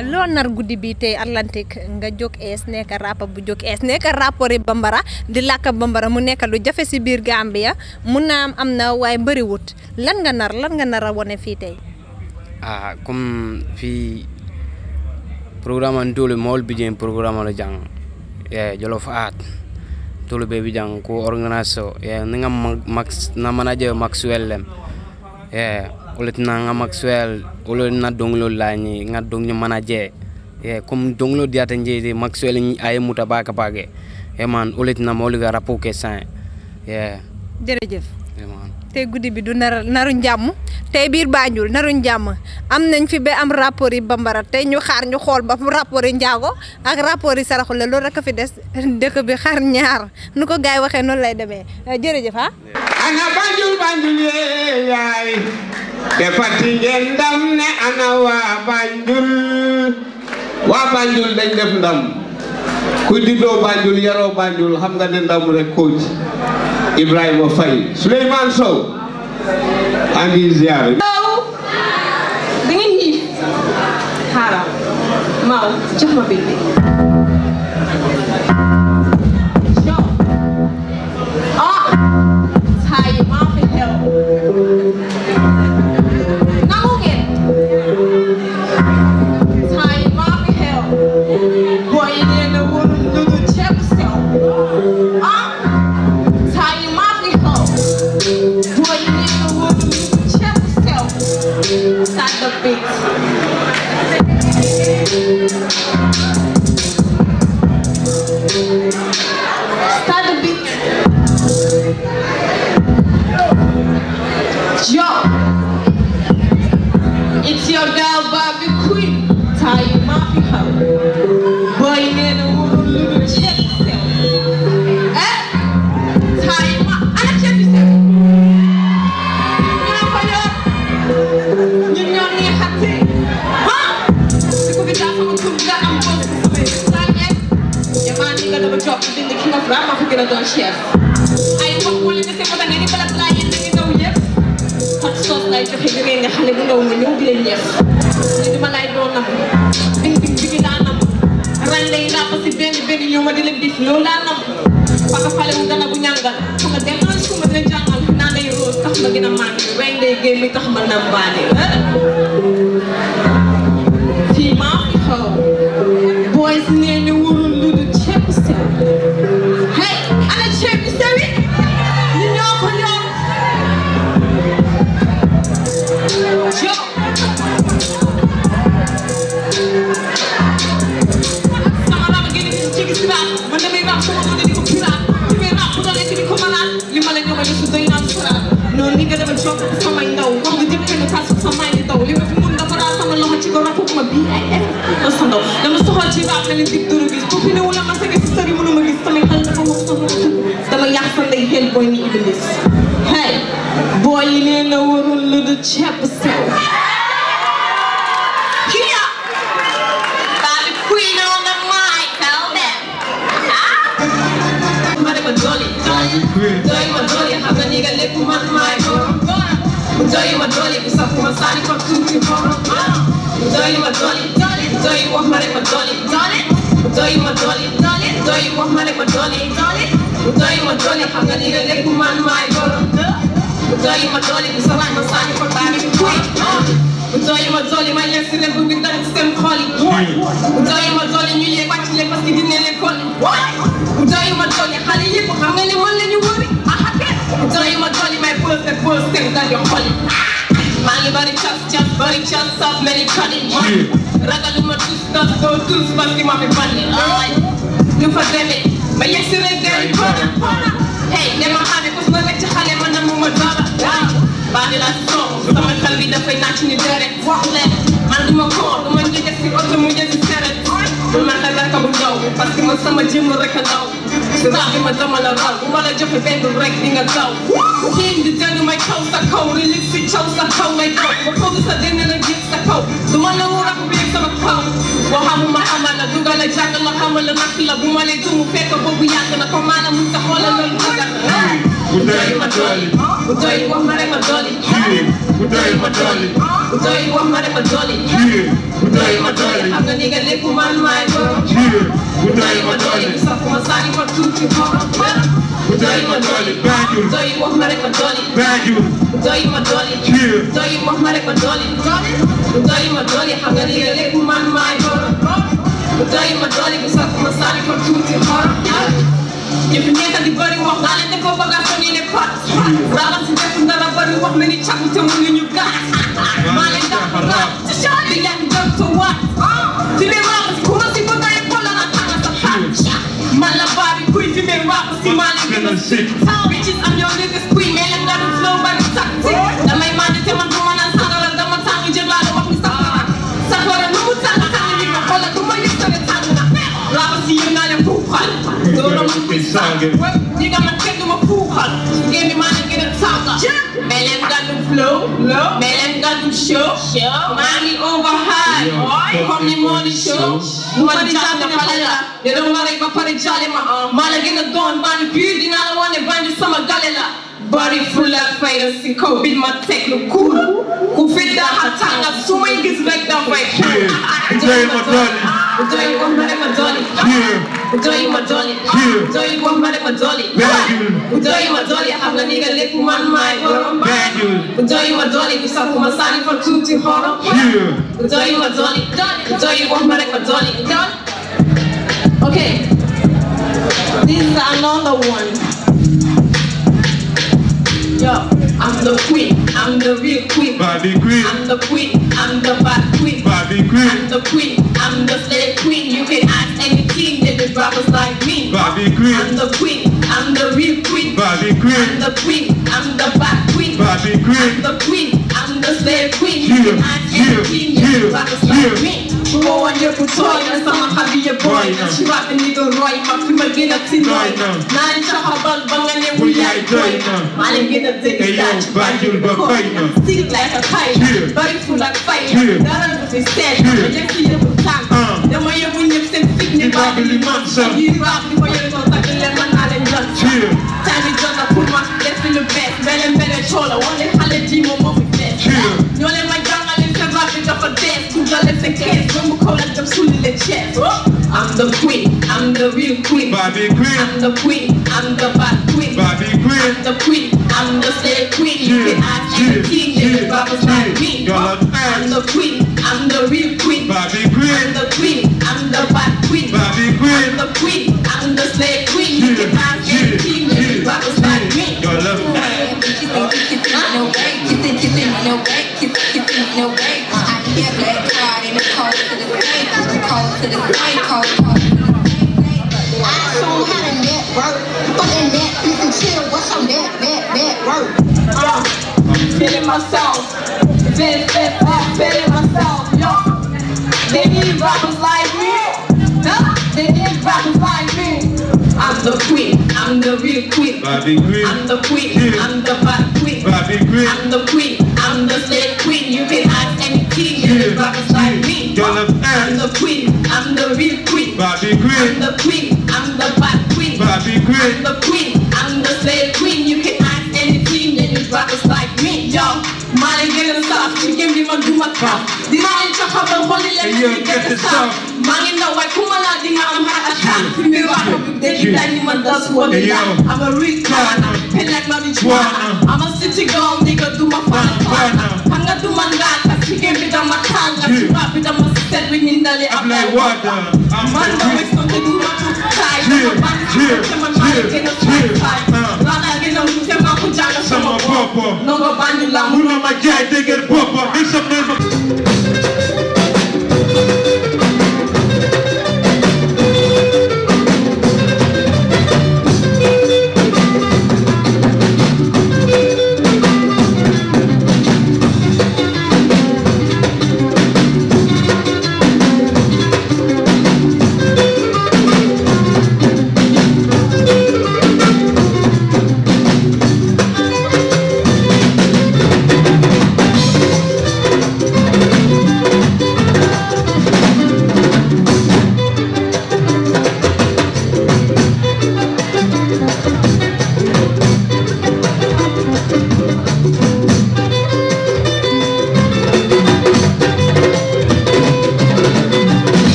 lo nar gudi bi tey atlantique nga jog es nek rapa bu jog es nek rapport bambara di lak bambara mu nek lu jafé ci bir gambia mu na am amna way waaye wut lan nga nar lan nga nar woné fi tay ah comme fi programme ndou le mol bi jeng programme la jang ya eh, jolof art tolu be bi jang ko organiso ya eh, nga max na manager maxwell lem ya o le tɛna n ka maxwell o le na dongilo la ɲe n ka dongilo manajɛ yeah, comme dongilo diyata n je de maxwell a ye muta baa ka baa kɛ man o le tɛna ma o le ka rapport kɛ san yeah. tey guddi bi du nar naru njàmm tey biir Banjul naru njàmm am nañ fi ba am rapport yi bambara tey ñu xaar ñu xool ba rapport yi njaago ak rapport yi saraxule loolu rek fi des dëkk bi xaar ñaar nu ko gaay waxee noonu lay demee euh, jërëjëf ah. ana Banjul Banjul yee yaay defati ngeen ndam ne ana waa Banjul waa Banjul dañ def ndam ku juddoo Banjul yaroo Banjul xam nga ne ndam rek Ibrahima Faye Souleymane Sow a ngi ziar da ngeen xiif xaaral maaw jox ma bi 지역 people how many money you worry? I have this. Tell you my jolly, my first and first thing that you're calling. Ah! Mali bari chas chas bari chas sab many cunning. Raga my two stuff so two stuff you mami bunny. Alright, you for them it. My yes you ain't getting corner corner. Hey, nema hane kus na lecha hane mana muma dara. Ah! Bali la song, sama kalbi da fay nachi ni dere. Man duma call, my njige si oto my si المحلات ابو الجو بس ما سما جيم وريك الدو صراعي ما دام انا رام ولا جف بين الريك دين الدو كين دي تاني ما يكو ساكو ريليكسي تشو ساكو ما يكو وفوضي سادين انا جيب ساكو دوانا وراك بيك سمكو وهامو ما حمالا دوغا لا جاك الله حمالا ما كلا بوما لا يتومو فيك بوبي ياكنا كمانا مستحولا للمدى Udai madoli, udai wa mare madoli, udai madoli. Utoi wa mare matoli Utoi matoli Hata niga leku man mai ko Utoi matoli Kusafu masari kwa tuki ko Utoi matoli Bad you Utoi wa mare matoli Bad you Utoi matoli Utoi wa mare matoli Utoi matoli Hata niga leku man mai ko Utoi matoli Kusafu masari kwa tuki ko Nie wymięta dygory łok, ale ten pobogasz to nie nie patrz Zaraz idę tu na rabory łok, my nie czaku, to mówię nie gaz Malenda, rap, czy szary, jak dam to łap Ty mnie rapas, kurwa, ty podaję pola na tana, to tak Malabari, kuj, ty mnie rapas, ty malę, ty na shit Bitches, I'm Solo noch mal Freestyle. Digga, man kennt nur mal Kuchen. me money, get einen Zacker. Melon got the flow. Melon got the show. Money over high. From the morning show. Money shot in the palella. They don't want to make my party jolly. Man, I uh. get a dawn. Man, if you I don't want to find you some galera. Body full of fire, see, come beat my tech, techno cool. Who fit the hot tongue, swing is back down by. Yeah, enjoy my darling. Enjoy my darling. Yeah. Mtoi matoli Mtoi kwa mbale matoli Mtoi matoli Habla niga liku man mai horom Mtoi matoli Kusaku masani for tuti horom Mtoi matoli Mtoi kwa mbale matoli Okay This is another one Yo I'm the queen, I'm the real queen. Body queen. I'm the queen, I'm the bad queen. Body queen. I'm the queen, I'm the slave queen. You can ask rappers like me. Bobby Queen. I'm the queen. I'm the real queen. Bobby Queen. I'm the queen. I'm the bad queen. Bobby Queen. I'm the queen. I'm the slave queen. Yeah. I am yeah. queen. Yeah. Rappers yeah. like me. Wołanie poczojne, sama habije bojna Siłatę nie dorojna, chyba gina cynojna Nańcza habal, banga nie wujaj dojna Malim gina dzenizdać, bandziul bakojna We like a kite, bari fula kfajna Daran go twój stel, jak chwilę poczam Ja moje wunie w tym fignie babili mansa Nie babili moje to takie lemon, ale nonsa Tani jona puma, let's be the best Bele, bele, chola, one hale dimo, We best Nyole ma janga, lecę babi, to for death my lips and kiss. When we call it, I'm swooning the chest. I'm the queen, I'm the real queen. Bobby Queen. I'm the queen, I'm the bad queen. Bobby Queen. I'm the queen, I'm the slave queen. You can ask me king, yeah, the Bible's not queen. I'm the queen, I'm the real queen. Bobby Queen. I'm the queen, I'm the bad queen. Bobby Queen. I'm the queen, I'm the slave queen. You can ask me king, yeah, the Bible's not queen. Your love. No way, kissing, kissing, no way, kissing, kissing, no way black card cold to the cold to the cold, cold to the I show how to network. Fucking net, you can chill. What's your net, net, net worth? Uh, feeling myself. Been flip up, feeling myself. Yo, they need rappers like me. No, they need rappers like me. I'm the queen, I'm the real queen. I'm the queen, I'm the bad queen. I'm the queen. the queen, I'm the real queen. Bobby queen. I'm the queen, I'm the bad queen. Bobby queen. I'm the queen, I'm the slave queen. You can ask anything and you rappers like me, yo. Money get the stuff, you give me my do my crap. Did I chop up and holy let me get the stuff? Money know I come along, did I'm hot attack. Me rock up with David like you man does what he I'm a rich man, pen like marijuana. I'm a city girl, nigga, do my fun. Hanga do my gun, I can give it on my tongue, I can it on my said we need Nelly I'm like water Man the way so they do not too tight Cheer, cheer, cheer, cheer Lana gina mute ma kujana Sama papa Nongo banyu la Muna ma jai tegel papa It's a member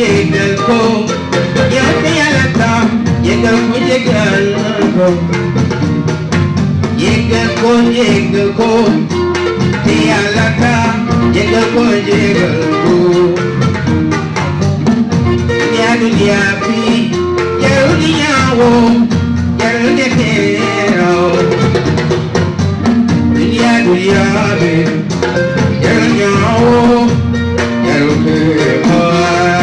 yedelko yote yalata yedelko yedelko yedelko yedelko te yalata yedelko yedelko yadu yapi yadu yawo yadu yekero yadu yabe yadu yawo yadu kero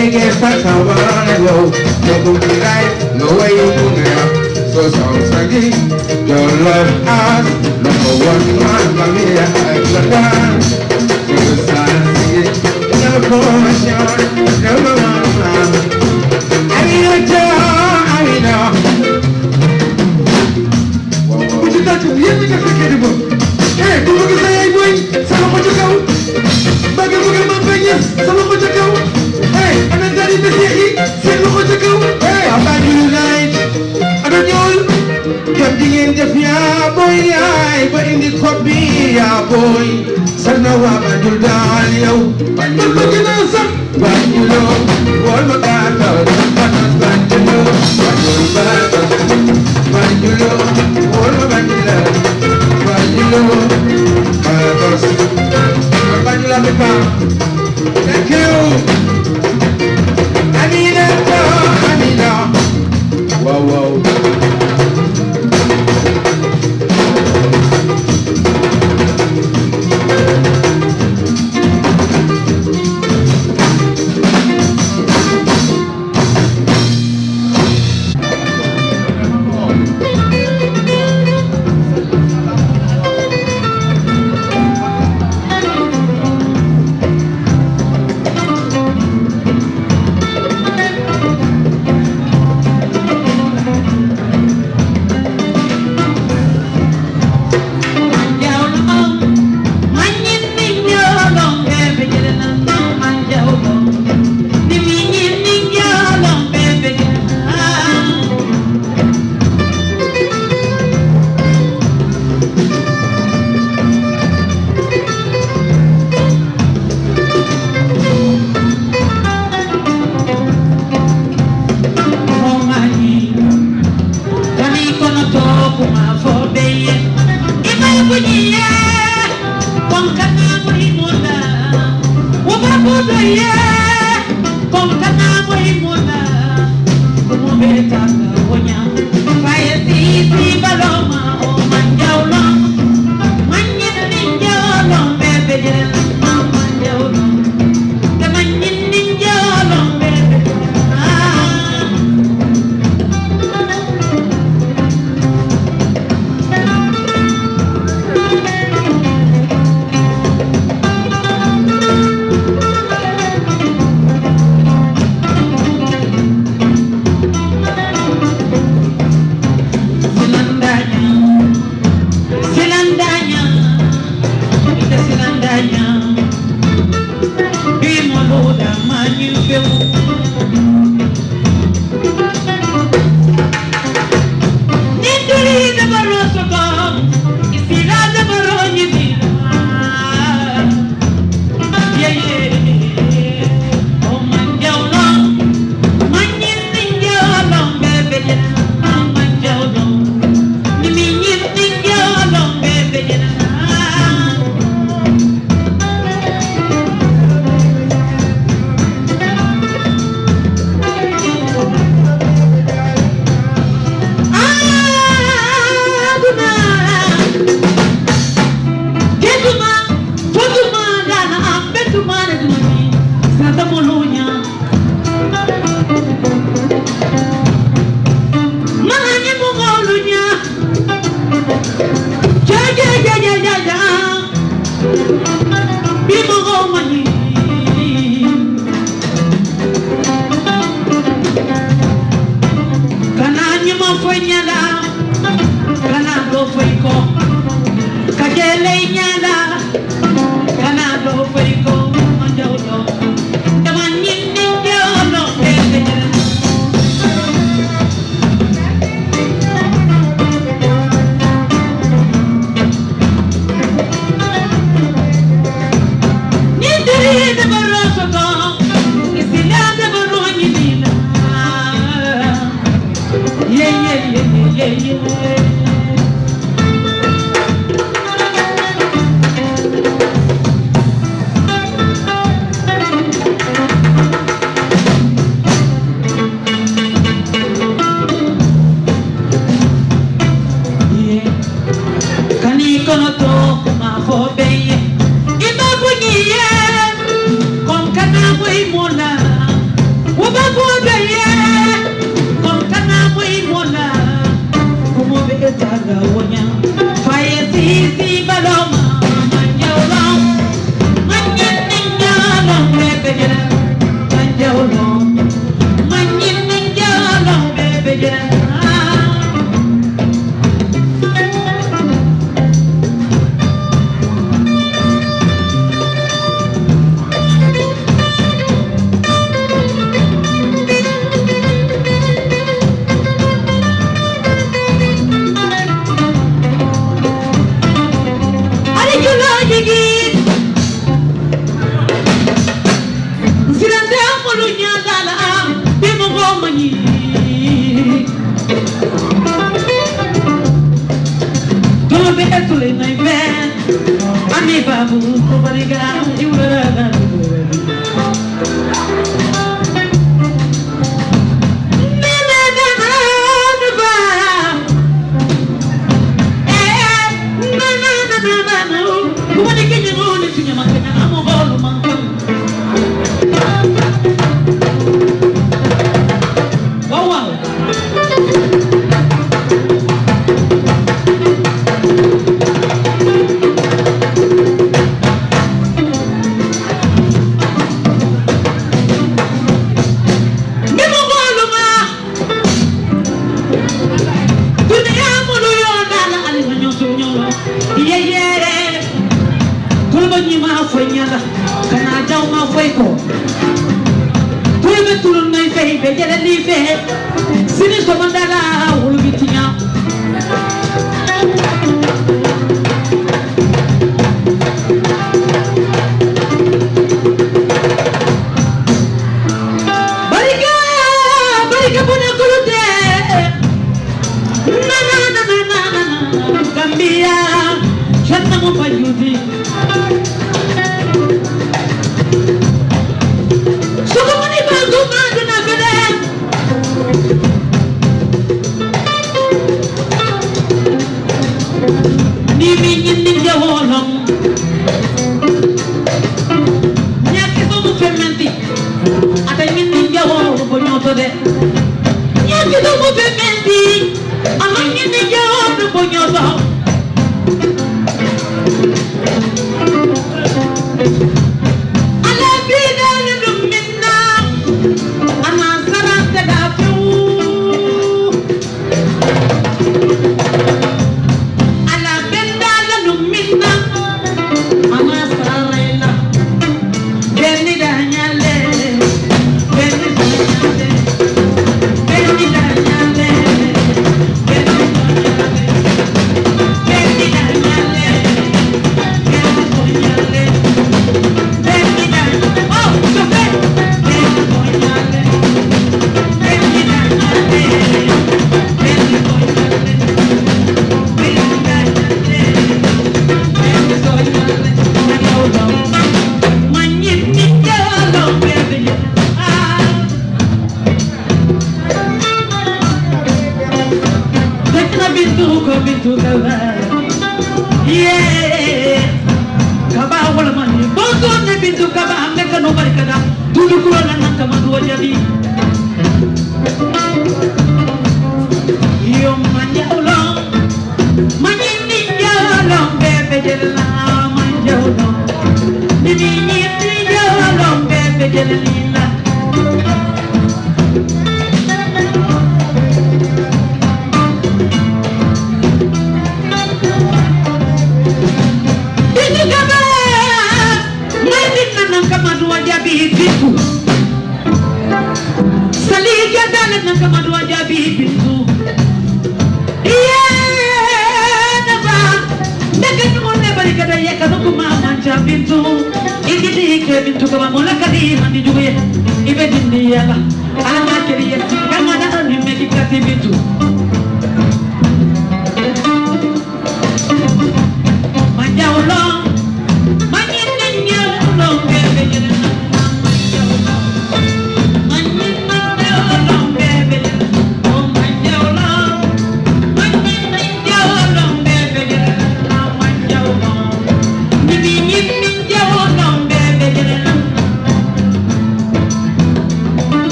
they get stuck on one on the road. No good be right, no way you do now. So sounds singing your love has number one man, me. I'm the one. So the singing, promotion, number one man. boy sax na waa Banjul daal yow Banjul loo gën a sax Banjul loo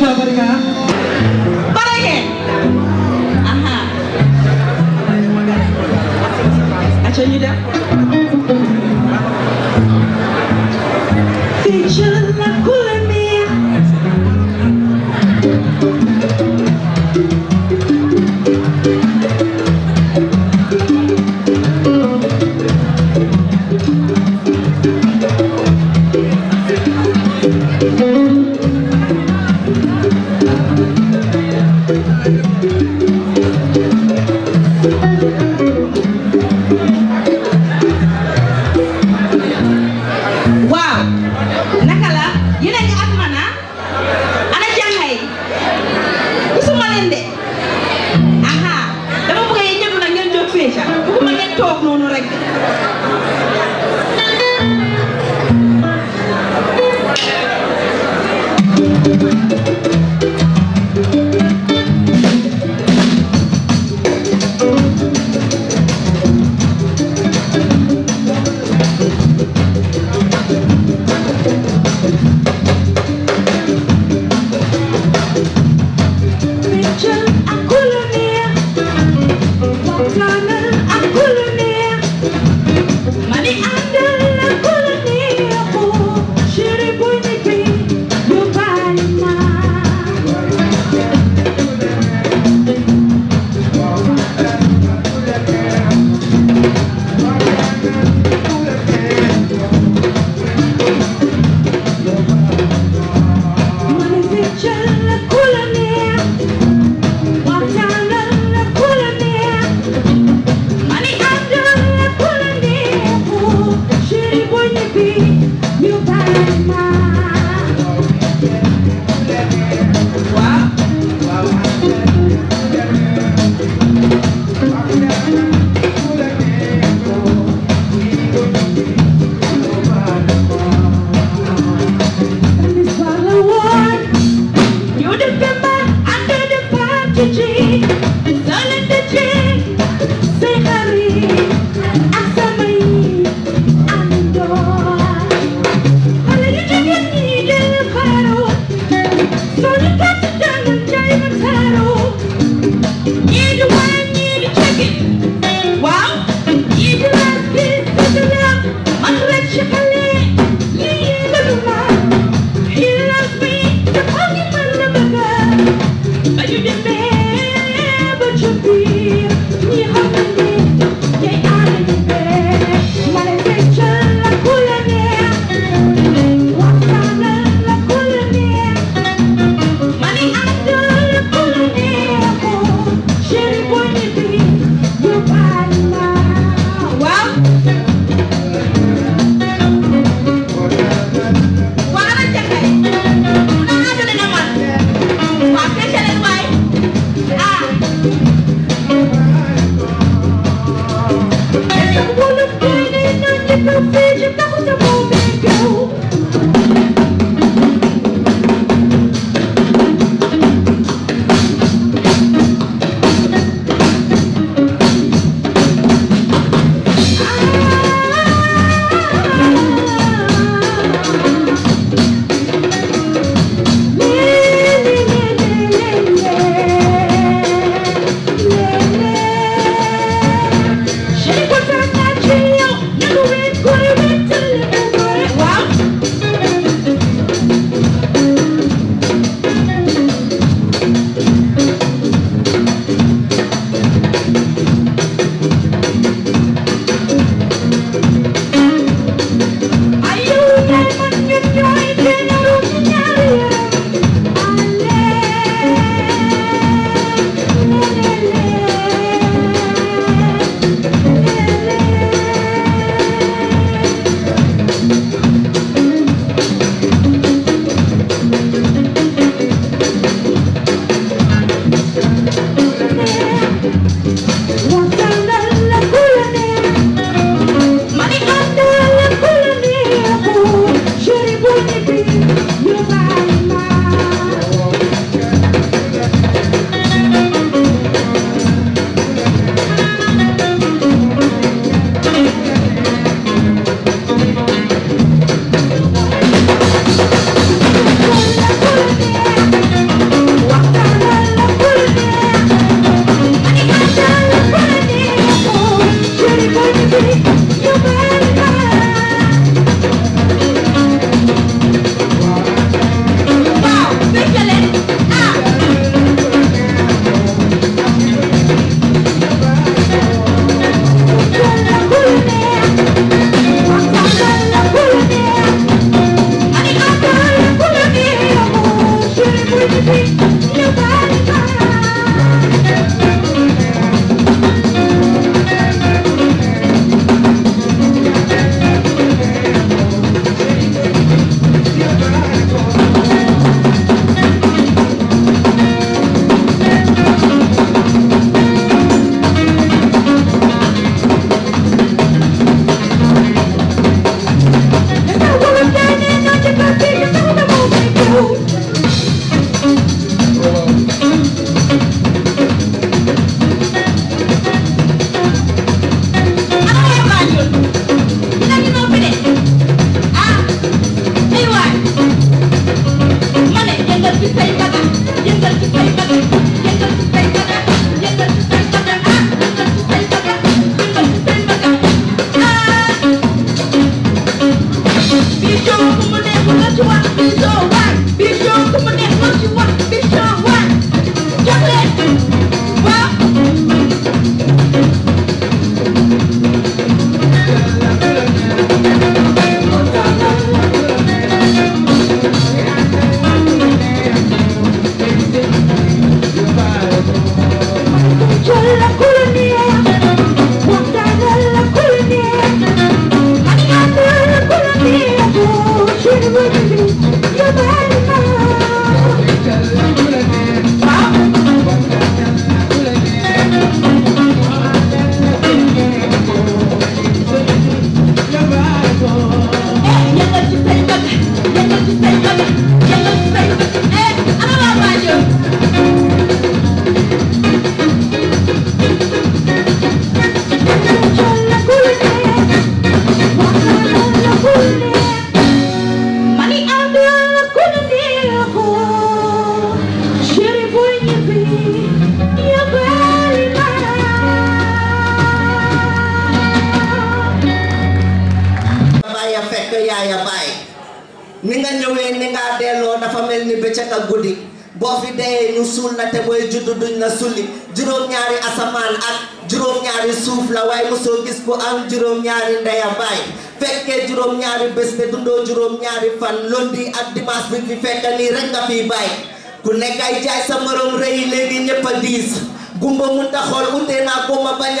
Jabariá.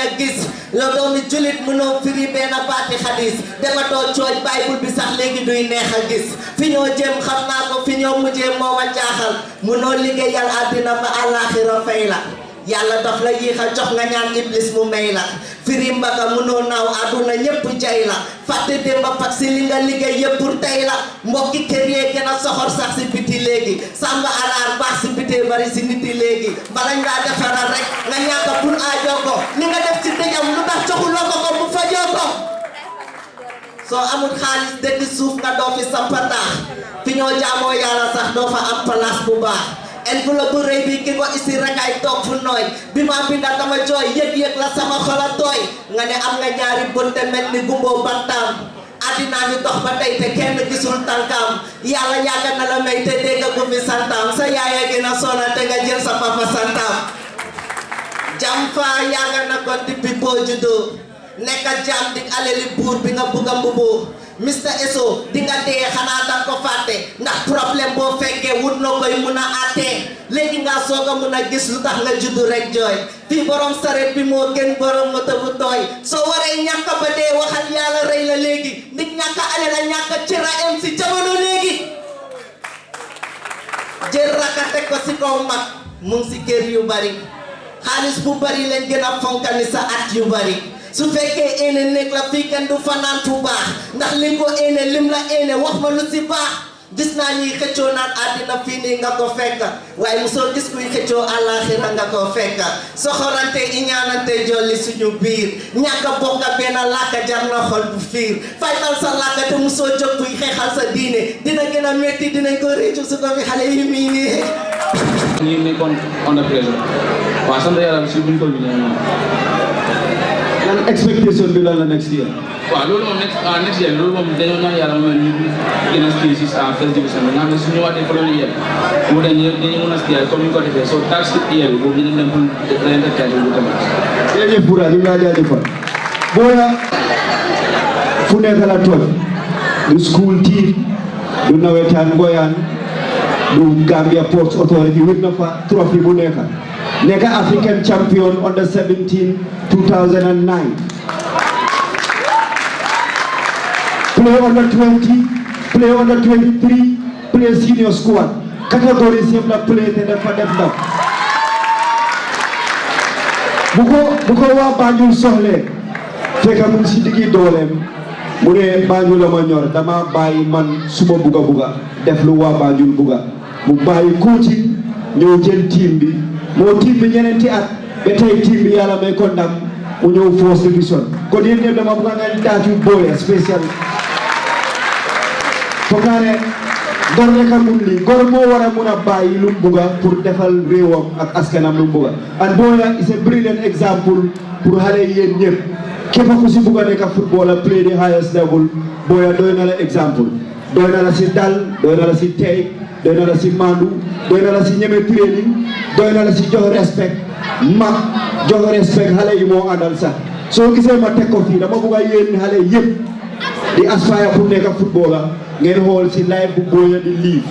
bañ a gis la doomi julit mënoo firi benn baati xadis dematoo cooj bible bi sax léegi duy neex a gis fi ñoo jëm xam naa ko fi ñoo mujjee moo ma mu mënoo liggéeyal àddina ba àllaaxira fay la yàlla daf la yéex a jox nga ñaan iblis mu may la firim ba ka no naw aduna ñepp jey la fatte de démb fat si li nga liggéey yépp pour tay la mbokk kër yee gën soxor sax si biti léegi sàmm alaar ba si biti bari si niti léegi ba lañ la defara rek nga ñaaka pour a joko ni nga def ci tejam lu tax joxuloo ko ko mu fa joko so amul xaalis dekk suuf nga do fi sampataax fi ñoo jaamoo yalla sax do fa am place bu baax enveloppe bu rëy bi ngir wax si rakaay toog fu nooy bi ma bi nga dama jooy yëg-yëg la sama xol a tooy nga ne am nga ñaari bënte mel ni gumboo bantaam addinaa dox ba tey te kenn gisul tànkaam yàlla yàgg la may te dégg gu mi sa yaaya gi na te nga jël sa papa santaam jam fa yàgg ko depuis boo juddoo Neka jam di alali buur bi nga bëgg mbubu Mister eso di nga dé xana danga ko faté ndax problème bo féké wut na koy mun a àttee nga soga mëna gis lu tax nga jiddu rek joy fi borom sareet bi mo gën borom moto tebu toy so waré ñak ba dé waxal yalla reey la légui nit ñak ale la ñak ci ra em si jamono léegi jël rakate ko ci kaw mak mu ngi kër yu bari xaalis bu bari lañu gëna fonkani sa at yu bari su fekkee eene nekk la fii kenn du fanaan tu baax ndax li ko eene lim la eene wax ma lu si baax gis naa ñuy xëccoo naan àddina fii nii nga ko fekk waaye mosoo gis kuy xëccoo àllaaxira nga ko fekk soxorante i ñaanante jolli suñu biir ñàkk a bokk benn làkk jar na xol bu fiir faytal sa làkk te mosoo jóg kuy xeexal sa diine dina gën a métti dinañ ko réccu su ko fi xale yi muy nii. ñu ngi nekkoon on a présent waaw sant yàlla si buñ ko bi yan expectation bi lan la next year. waaw loolu moom next ah, next year loolu moom dañoo naan yàlla moom ñu gën a ski si sa first division bi nga xam ne su ñëwaatee following year bi mu dañu a comme ni ko defee tax si boobu dinañ dem pour bu ñu laa jaajëfal. fu nekk la du school team du nawetaan ngoyaan du Gambia Authority wér na fa trophy bu nekk nekk African champion under 17 2009. Play under 20, play under 23, play senior squad. Categories yëpp la play te dafa def ndaw. bu ko bu ko waa Banjul soxlee fekk mu si diggi dooleem mu ne Banjul la ma ñor dama bàyyi man suma buga buga def lu waa Banjul buga mu bàyyi coaching ñëw jël team bi moo team bi ñeneenti at ba tey team bi yàlla may ko Union Force Division. Good evening, the Mabrangan Tatu Boy, special. Pokane, gor rek mun lii gor moo war a mun a bàyyi lu mu bugga pour defal réewam ak askanam lu mu bugga and Boya is brilliant example pour xale yéen ñëpp képp ku si bugga nekk footballer play the highest level Boya doy na la exemple doy na la si dal doy na la si tey doy na la si mandu doy na la si jox respect ma jox respect xale yi Adansa. So sax soo gisee ma teg ko dama bugg di aspire pour nekk football la ngeen si live bu boya di live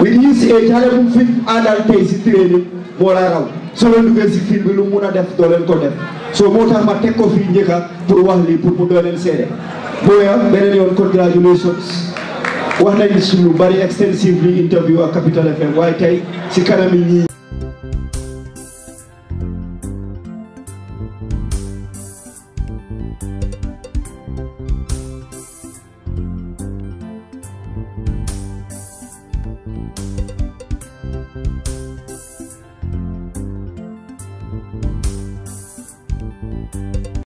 with his age xale bu fi àndal tey si training mo la raw soo leen duggee si fil bi lu mun a def doo leen ko def so moo tax ma teg ko fii njëkka pour wax lii pour mu doo leen seede booya beneen yoon congratulations wax nañu bari extensively interview ak Capital FM waaye tey si kanam